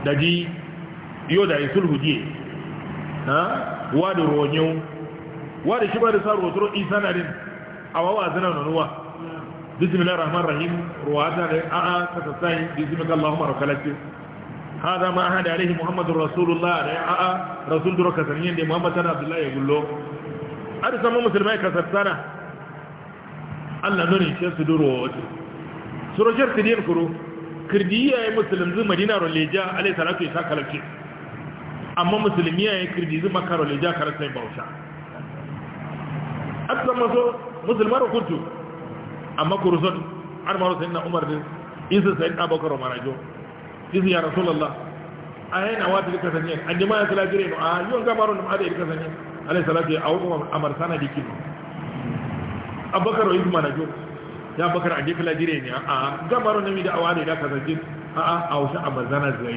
da ji yau da yi sulhu ji ha wa da ronyo wa shi ba da sa turo isa na din a wawa a zina nanuwa bismillah rahman rahim ruwa ta da a'a ta sassai bismillah allahumma ha za ma hada alaihi Muhammadu rasulullah da a rasul duro kasanin da muhammad sana abdullahi ya gullo a da saman musulmai kasassana allah nuni shi su duro wata surojar su din kuro kirdiya ya musulun zuma dinarun leja alai salatu ya sa kalake amma musulmiya ya kirdi zuma karo leja karasai bausha aksan musulma musulmar hukuntu amma kurzon an maro sai na umar din isin sai na bakar marajo isin ya rasulallah a yana wata duka sanye an jima ya kula gire a yiwon gabarun da ma'ada ya duka sanye alai salatu ya awo amar sana dikin abakar isin marajo ya bakar a kula gire ne a gabarun da mi da awa da ya kasance a a a wasu amar zana zai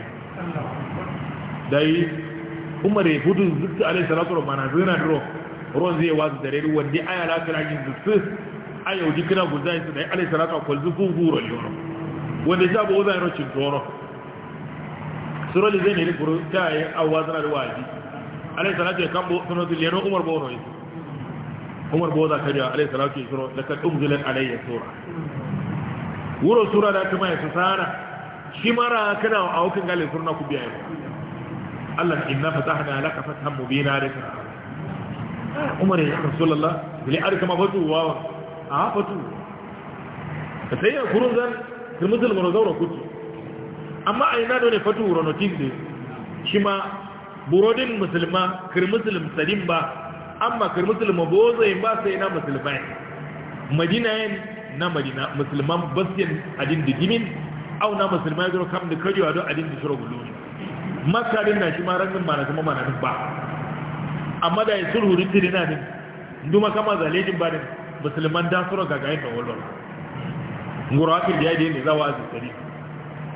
dai umar ya hudu zuwa alai salatu wa manazina duro ruwan zai wazu da rai wanda aya la kira yau zusu ayo dikira guzai su dai alai sarata ko zufu guro yoro wanda ja bo zai rocin toro suro li zai ne ri guro a awazana da waji alai sarata kan bo suno dile no umar bo roi umar bo da kariya alai sarata ki suro da ka umzilan alayya sura wuro sura da kuma ya tsara shi mara kana a hukin galin surna ku biya Allah inna fatahna laka fathan mubina laka umar ya lalla bili arka ma fatu wawa a fatu ka sai ya kurun zan turmusul mara zaura kutu. amma a na ne fatu ranotin da shi ma burodin musulma kirmusulun sadin ba amma kirmusulun mabozayin ba sai na musulmai madina yin na madina musulman basiyan adin da jimin au na musulmai zuwa kam da kajewa don adin da shirar gulu makarin na shi ma rangin ba na na duk ba amma da ya sulhu tiri na ne duma kama jin ba ne musulman da suro ga gayin da wallo ngurafin da ya yi ne zawa azin sarin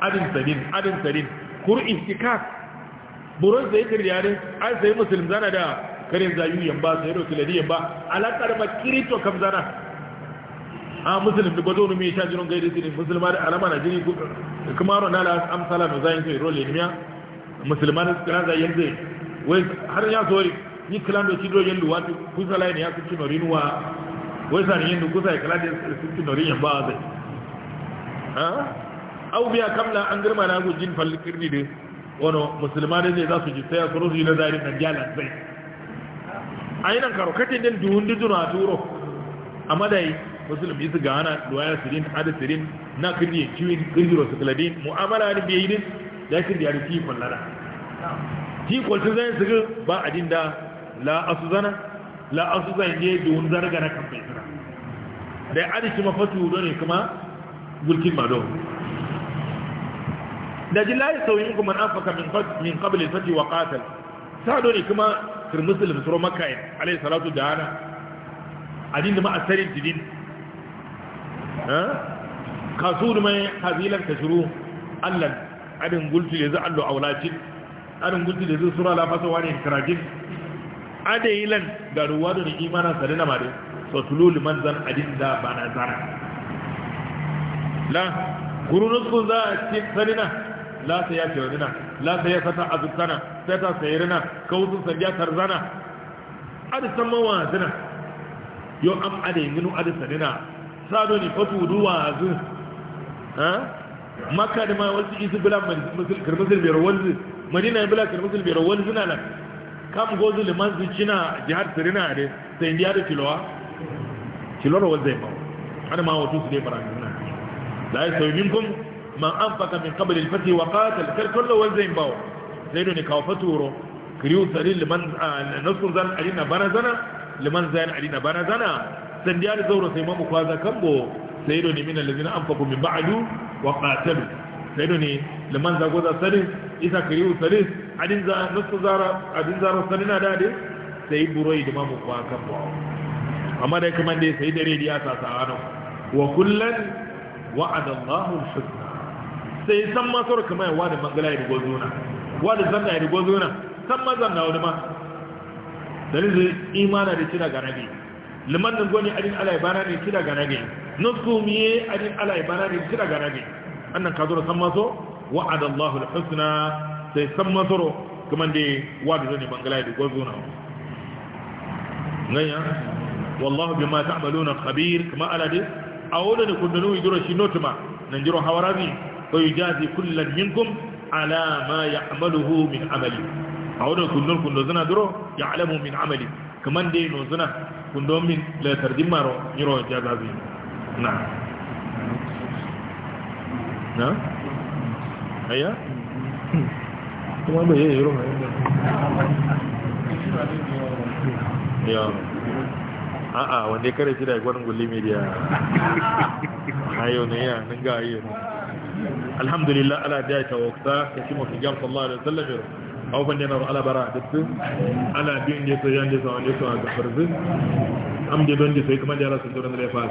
adin sarin adin sarin kur istikak buron zai kir ne ai sai musulmi zana da karin zayu ba sai rotu ladi ba alakar ma kirito kam zana a musulmi da gwazo ya ta jiron gaida tiri musulma da alama na jini kuma ron na la amsala no zayin sai role miya musulma da kira zayin zai wai har ya sori ni kilando chido yendu watu kusala ni yaku chinorinwa wesa ni yendu kusa ikalade chinorin yamba aze ha au biya kamla an girma na gujin falkirni de wano musulmane ne za su ji sai su rusu na zarin nan jalan sai ayinan karokatin din duhun duduna duro a amadai musulmi su gana duwaya sirin hada sirin na kirye ciwin kirgiro su kaladin mu'amala ne biyayi din da kirya da tikon lana ji su zai su ba adin da la asuzana la asuzan je don zarga na kan baisira da ya adishi mafatu don ne kuma gulkin madon da ji layi sauyin kuma na faka min kabilin fati wa katal sa don ne kuma kirmisul musulun suro makayin alayhi salatu da hana adin da ma'asarin jinin. kasu da mai ta kashiru allan adin gulci da allo a lo adin gulci da zai sura lafasa wani kirajin ada yilan ga ruwado ni imana sa na mare so tulul manzan da bana zara la guru nusku za ci sanina la ta ya ce wadina la ta ya fata azukana sai ta sayirina kawusun sandiya tarzana Adu san mawa zina yo am ada yinu adu sanina sado ni fatu duwa zin ha makka da ma wasu isu bilan musul kirmusul bai rawal madina bila kirmusul bai rawal zina kam gozu liman zincina jihar sirina ne sai indiya da cilowa ah. cilowar wanzai ba ana ma wato su ne faransa la ya sauyi minkum man an faka min kabin ilfati wa katal karkar da wanzai ba sai ne kawo faturo kiriyu tsari liman ah, nasun zan alina bana zana liman zan alina bana sai indiya da zauro sai mamu kwaza kambo sai ne min alazina an faku min ba'adu wa katalu sai ne liman zago za sanin isa kiri sanin adin za nasu zara adin zara sanin na dade sai buroi da mamu kwa kan ba amma dai kuma dai sai dare da sa sa anan wa kullan wa'ada Allahu al-husna sai san ma sor kamar wa da mangala ya rigo zuna wa da zanna ya rigo zuna san ma zanna wani ma dalilin imana da cira ga nabi liman nan goni adin Allah ya bana ne cira ga nabi nusku miye adin Allah ya bana ne cira ga nabi annan ka zo san ma so wa'ada Allahu al-husna sai san masoro kuma de wadu ne bangala da gozo na ngaya wallahu bima ta'maluna khabir kuma ala de awona ne kundanu yidura shi notuma nan jiro hawarabi ko yujazi kullan minkum ala ma ya'maluhu min amali awona kundun kundun zana duro ya'lamu min amali kuma de no kundon min yiro na ayya kuma bai yi irin ya a'a wanda ya kare shi da gwanin gulli media ne ya nan ga ayo ne alhamdulillah ala da ta wakta ya mafi gam sallallahu alaihi wasallam aw ban dena ala bara dattu ala bin ne so yande so ne so farzi am de ban de sai kuma da rasul da ne fa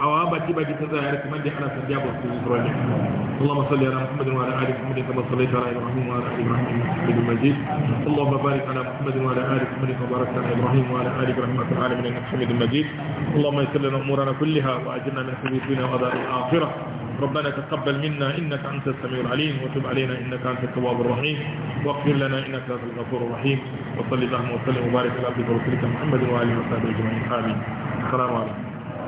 حوابا تبا جتزا يارك من دي حنا سنجاب وسنجاب اللهم صل على محمد وعلى آل محمد كما صليت على إبراهيم وعلى آل إبراهيم إنك حميد مجيد اللهم بارك على محمد وعلى آل محمد كما باركت على إبراهيم وعلى آل إبراهيم في العالمين إنك حميد مجيد اللهم يسر لنا أمورنا كلها وأجرنا من حديثنا الدنيا الآخرة ربنا تقبل منا إنك أنت السميع العليم وتب علينا إنك أنت التواب الرحيم واغفر لنا إنك أنت الغفور الرحيم وصلي اللهم وسلم وبارك على عبدك ورسولك محمد وعلى وآله وصحبه أجمعين آمين السلام عليكم